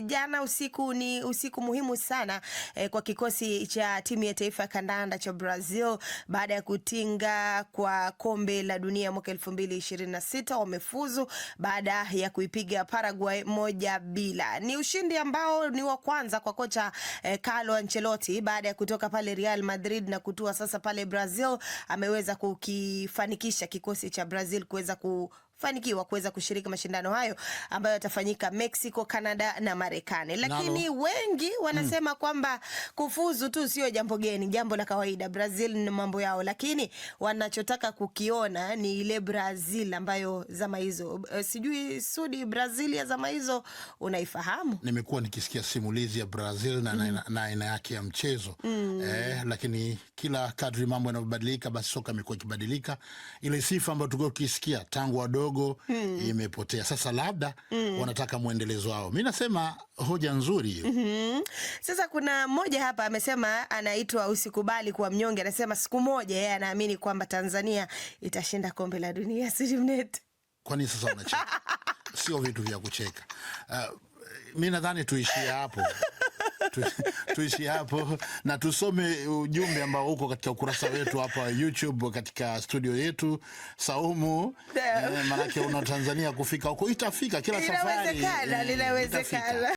jana usiku ni usiku muhimu sana e, kwa kikosi cha timu ya taifa ya kandanda cha Brazil baada ya kutinga kwa kombe la dunia mwaka 2026 wamefuzu baada ya kuipiga Paraguay moja bila. Ni ushindi ambao ni wa kwanza kwa kocha e, Carlo Ancelotti baada ya kutoka pale Real Madrid na kutua sasa pale Brazil, ameweza kukifanikisha kikosi cha Brazil kuweza ku fanikiwa kuweza kushiriki mashindano hayo ambayo yatafanyika Mexico, Canada na Marekani. Lakini Nalo. wengi wanasema mm. kwamba kufuzu tu sio jambo geni, jambo la kawaida. Brazil ni mambo yao, lakini wanachotaka kukiona ni ile Brazil ambayo zama hizo eh, sijui Sudi, Brazil ya zama hizo unaifahamu? Nimekuwa nikisikia simulizi ya Brazil na mm. na aina yake ya mchezo mm. eh, lakini kila kadri mambo yanavyobadilika basi soka imekuwa ikibadilika. Ile sifa ambayo tulikuwa tukisikia tangu wadogo kidogo mm. imepotea. Sasa labda mm. wanataka mwendelezo wao. Mi nasema hoja nzuri hiyo. mm -hmm. Sasa kuna mmoja hapa amesema, anaitwa usikubali kuwa mnyonge, anasema siku moja yeye anaamini kwamba Tanzania itashinda kombe la dunia. Sirimnet, kwani sasa unacheka? Sio vitu vya kucheka. Uh, mi nadhani tuishie hapo. tuishi hapo na tusome ujumbe ambao uko katika ukurasa wetu hapa YouTube katika studio yetu. Saumu eh, maanake una Tanzania kufika huko itafika, kila safari eh, linawezekana.